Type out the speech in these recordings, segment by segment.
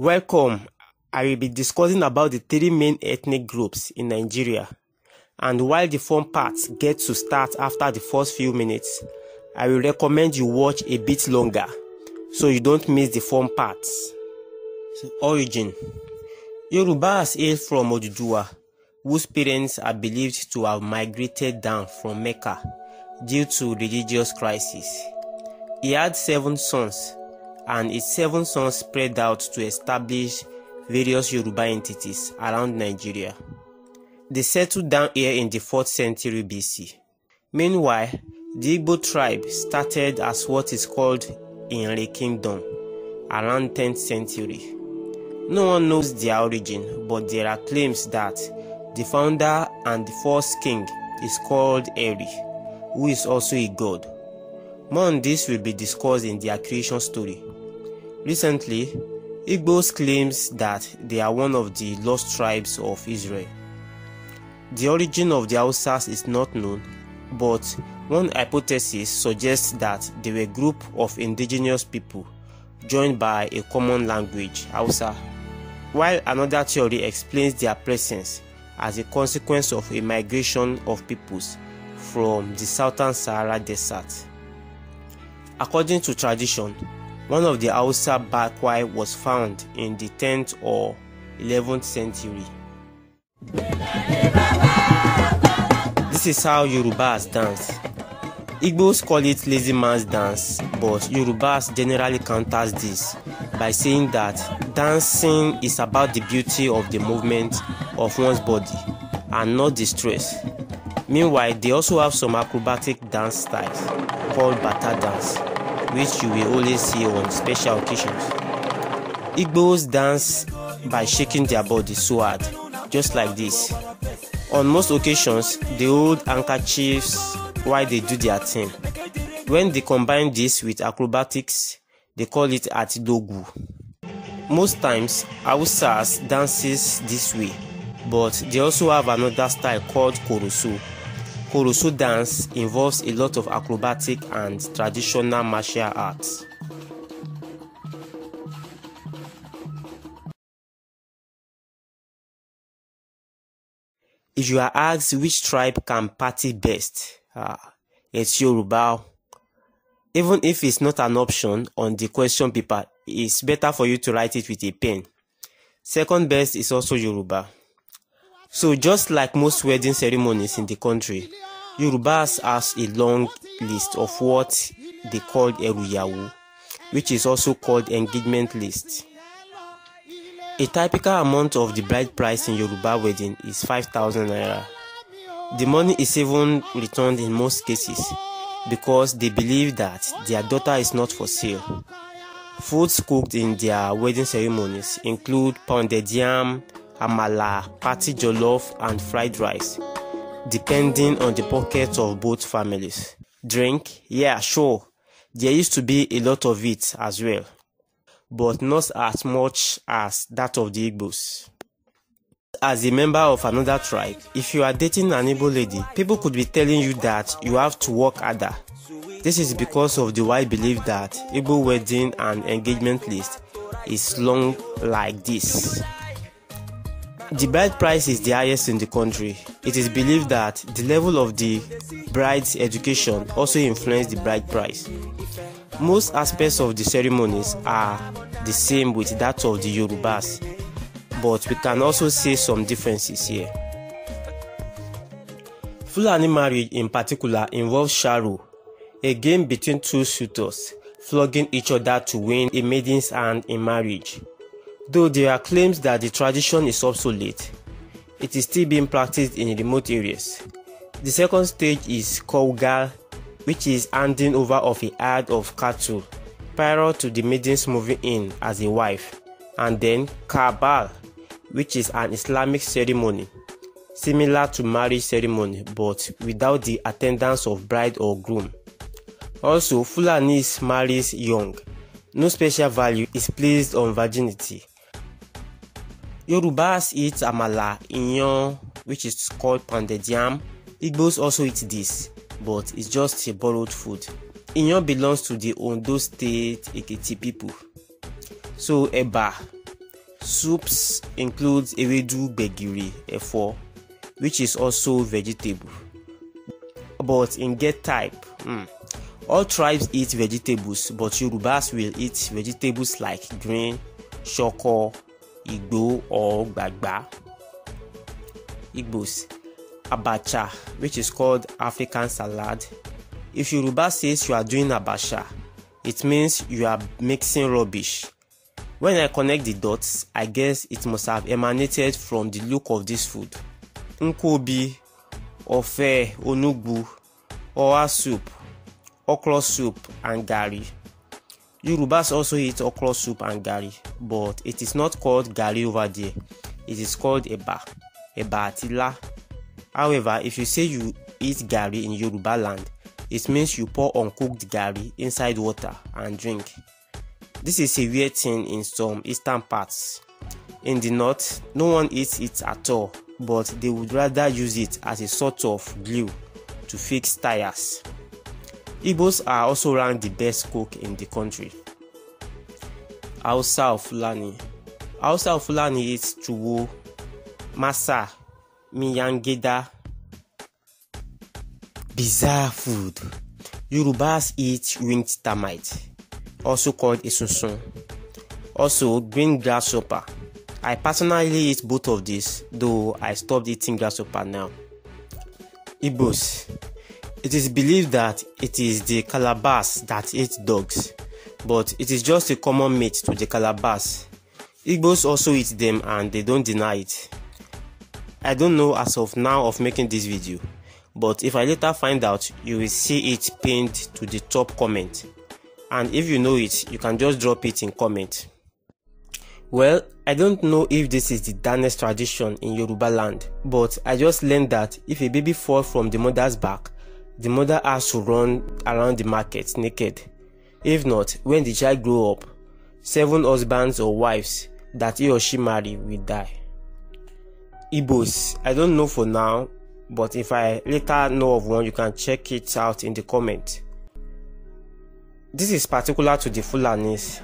Welcome. I will be discussing about the three main ethnic groups in Nigeria. And while the fun part gets to start after the first few minutes, I will recommend you watch a bit longer so you don't miss the fun parts. So, origin Yorubas hail from Oduduwa, whose parents are believed to have migrated down from Mecca due to religious crisis. He had seven sons and its seven sons spread out to establish various Yoruba entities around Nigeria. They settled down here in the 4th century BC. Meanwhile, the Igbo tribe started as what is called Inle Kingdom around 10th century. No one knows their origin, but there are claims that the founder and the first king is called Eri, who is also a god. More on this will be discussed in their creation story. Recently, Igbos claims that they are one of the lost tribes of Israel. The origin of the Hausas is not known, but one hypothesis suggests that they were a group of indigenous people joined by a common language, Hausa, while another theory explains their presence as a consequence of a migration of peoples from the southern Sahara desert. According to tradition, one of the Hausa Bakwai was found in the 10th or 11th century. This is how Yorubas dance. Igbos call it lazy man's dance, but Yorubas generally counters this by saying that dancing is about the beauty of the movement of one's body and not the stress. Meanwhile, they also have some acrobatic dance styles called bata dance. which you will only see on special occasions. Igbos dance by shaking their body so hard, just like this. On most occasions, they hold handkerchiefs while they do their thing. When they combine this with acrobatics, they call it atidogu. Most times, Hausas dances this way, but they also have another style called Korosu. Koroso dance involves a lot of acrobatic and traditional martial arts. If you are asked which tribe can party best, uh, it's Yoruba. Even if it's not an option on the question paper, it's better for you to write it with a pen. Second best is also Yoruba. So just like most wedding ceremonies in the country, Yorubas has a long list of what they call Eruyawu, which is also called engagement list. A typical amount of the bride price in Yoruba wedding is 5,000 naira. The money is even returned in most cases because they believe that their daughter is not for sale. Foods cooked in their wedding ceremonies include pounded yam, amala, patty jollof, and fried rice, depending on the pockets of both families. Drink? Yeah, sure. There used to be a lot of it as well, but not as much as that of the Igbos. As a member of another tribe, if you are dating an Igbo lady, people could be telling you that you have to work harder. This is because of the wide belief that Igbo wedding and engagement list is long like this. The bride price is the highest in the country. It is believed that the level of the bride's education also influences the bride price. Most aspects of the ceremonies are the same with that of the Yorubas, but we can also see some differences here. Fulani marriage in particular involves sharo, a game between two suitors flogging each other to win a maiden's hand in marriage. Though there are claims that the tradition is obsolete, it is still being practiced in remote areas. The second stage is Kolgal, which is handing over of a herd of cattle prior to the maiden's moving in as a wife, and then Kabal, which is an Islamic ceremony similar to marriage ceremony but without the attendance of bride or groom. Also, Fulanis marries young. No special value is placed on virginity. Yorubas eat amala, iyan, which is called pounded yam. Igbos also eat this, but it's just a borrowed food. Iyan belongs to the Ondo State Ekiti people. So Eba soups includes ewedu, gbegiri, efo, which is also vegetable. But in get type, mm, all tribes eat vegetables, but Yorubas will eat vegetables like green, shoko, Igbo or Gbagba. Igbos, abacha, which is called African salad. If Yoruba says you are doing abacha, it means you are mixing rubbish. When I connect the dots, I guess it must have emanated from the look of this food. Nkobi, Ofe, Onugbu, Owa soup, Okra soup, and Gari. Yorubas also eat okra soup and gari, but it is not called gari over there. It is called eba, eba atila. However, if you say you eat gari in Yoruba land, it means you pour uncooked gari inside water and drink. This is a weird thing in some eastern parts. In the north, no one eats it at all, but they would rather use it as a sort of glue to fix tires. Igbos are also ranked the best cook in the country. Hausa of Fulani Hausa of Fulani eats tuwo, masa, miyangeda, bizarre food. Yorubas eat winged termite, also called esunsun. Also, green grasshopper. I personally eat both of these, though I stopped eating grasshopper now. Igbos. It is believed that it is the calabash that eats dogs, but it is just a common meat to the calabash. Igbos also eat them and they don't deny it. I don't know as of now of making this video, but if I later find out, you will see it pinned to the top comment. And if you know it, you can just drop it in comment. Well, I don't know if this is the darnest tradition in Yoruba land, but I just learned that if a baby falls from the mother's back, the mother has to run around the market naked. If not, when the child grow up, seven husbands or wives that he or she marry will die. Igbos, I don't know for now, but if I later know of one, you can check it out in the comment. This is particular to the Fulanis.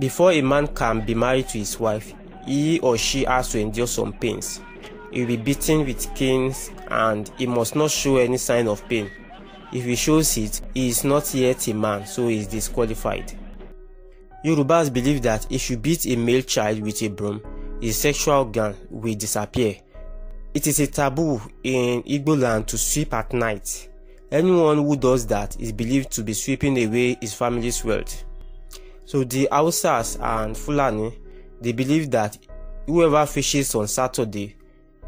Before a man can be married to his wife, he or she has to endure some pains. He will be beaten with canes and he must not show any sign of pain. If he shows it, he is not yet a man, so he is disqualified. Yorubas believe that if you beat a male child with a broom, his sexual organ will disappear. It is a taboo in Igbo land to sweep at night. Anyone who does that is believed to be sweeping away his family's wealth. So the Hausas and Fulani, they believe that whoever fishes on Saturday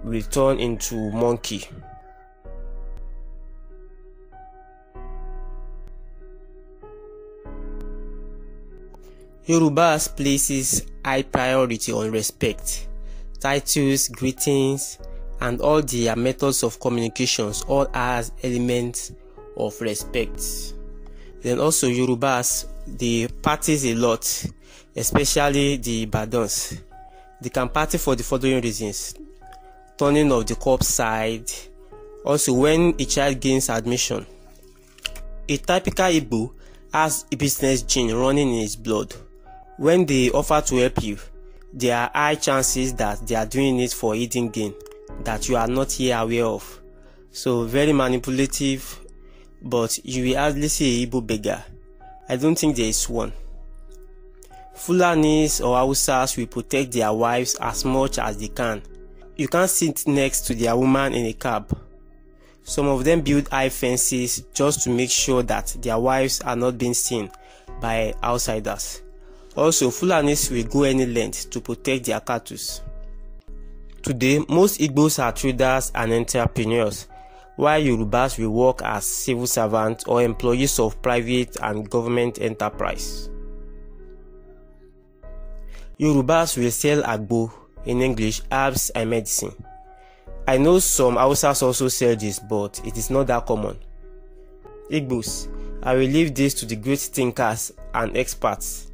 will turn into monkey. Yorubas places high priority on respect, titles, greetings, and all their methods of communications all as elements of respect. Then also Yorubas, they parties a lot, especially the Ibadans. They can party for the following reasons. Turning of the cup side. Also when a child gains admission. A typical Igbo has a business gene running in his blood. when they offer to help you, there are high chances that they are doing it for hidden gain that you are not yet aware of. So very manipulative, but you will hardly see a Igbo beggar. I don't think there is one. Fulanis or Hausas will protect their wives as much as they can. You can't sit next to their woman in a cab. Some of them build high fences just to make sure that their wives are not being seen by outsiders. Also, Fulanis will go any length to protect their cattle. Today, most Igbos are traders and entrepreneurs, while Yorubas will work as civil servants or employees of private and government enterprise. Yorubas will sell agbo, in English, herbs and medicine. I know some Hausas also sell this, but it is not that common. Igbos, I will leave this to the great thinkers and experts.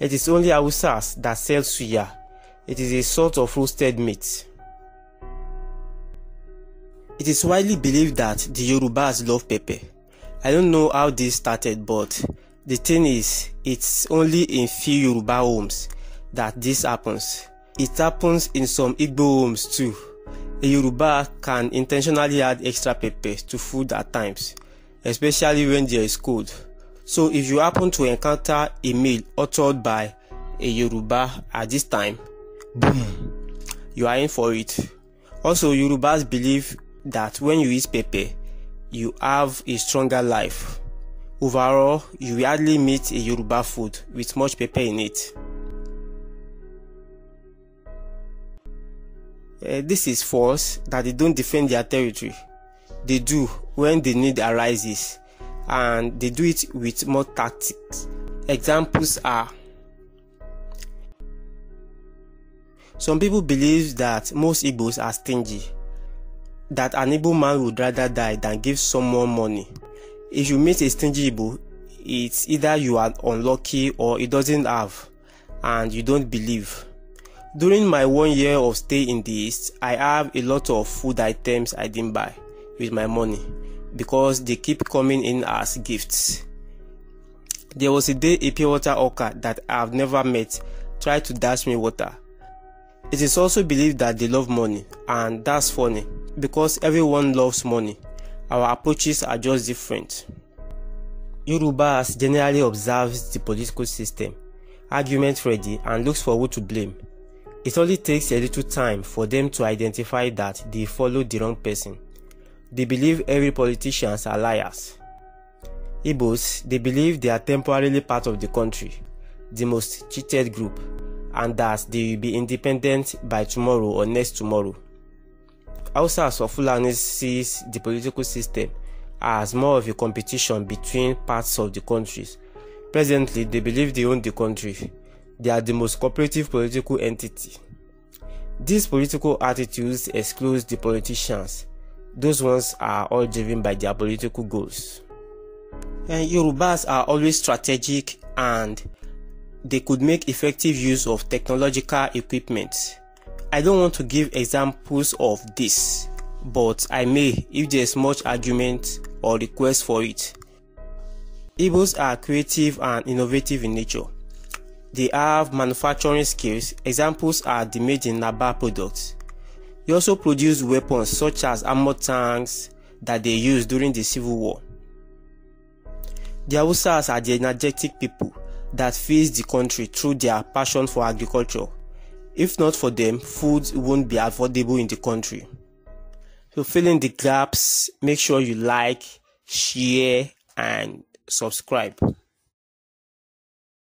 It is only Hausas that sell suya. It is a sort of roasted meat. It is widely believed that the Yorubas love pepper. I don't know how this started, but the thing is, it's only in few Yoruba homes that this happens. It happens in some Igbo homes too. A Yoruba can intentionally add extra pepper to food at times, especially when there is cold. So if you happen to encounter a meal authored by a Yoruba at this time, boom, you are in for it. Also, Yorubas believe that when you eat pepe, you have a stronger life. Overall, you hardly meet a Yoruba food with much pepper in it. Uh, this is false that they don't defend their territory. They do when the need arises and they do it with more tactics. Examples are Some people believe that most Igbos are stingy, that an Igbo man would rather die than give someone money. If you meet a stingy Igbo, it's either you are unlucky or it doesn't have, and you don't believe. During my one year of stay in the East, I have a lot of food items I didn't buy with my money because they keep coming in as gifts. There was a day a pure water orca that I've never met tried to dash me water. It is also believed that they love money, and that's funny because everyone loves money. Our approaches are just different. Yoruba generally observes the political system, argument ready, and looks for who to blame. It only takes a little time for them to identify that they follow the wrong person. They believe every politicians are liars. Igbos, they believe they are temporarily part of the country, the most cheated group, and that they will be independent by tomorrow or next tomorrow. Hausas or Fulani sees the political system as more of a competition between parts of the countries. Presently, they believe they own the country. They are the most cooperative political entity. These political attitudes exclude the politicians those ones are all driven by their political goals. And eh, Yorubas are always strategic and they could make effective use of technological equipment. I don't want to give examples of this, but I may if there's much argument or request for it. Igbos are creative and innovative in nature. They have manufacturing skills. Examples are the made in Naba products. He also produced weapons such as armored tanks that they used during the Civil War. The Hausas are the energetic people that feed the country through their passion for agriculture. If not for them, food won't be affordable in the country. So fill in the gaps, make sure you like, share and subscribe.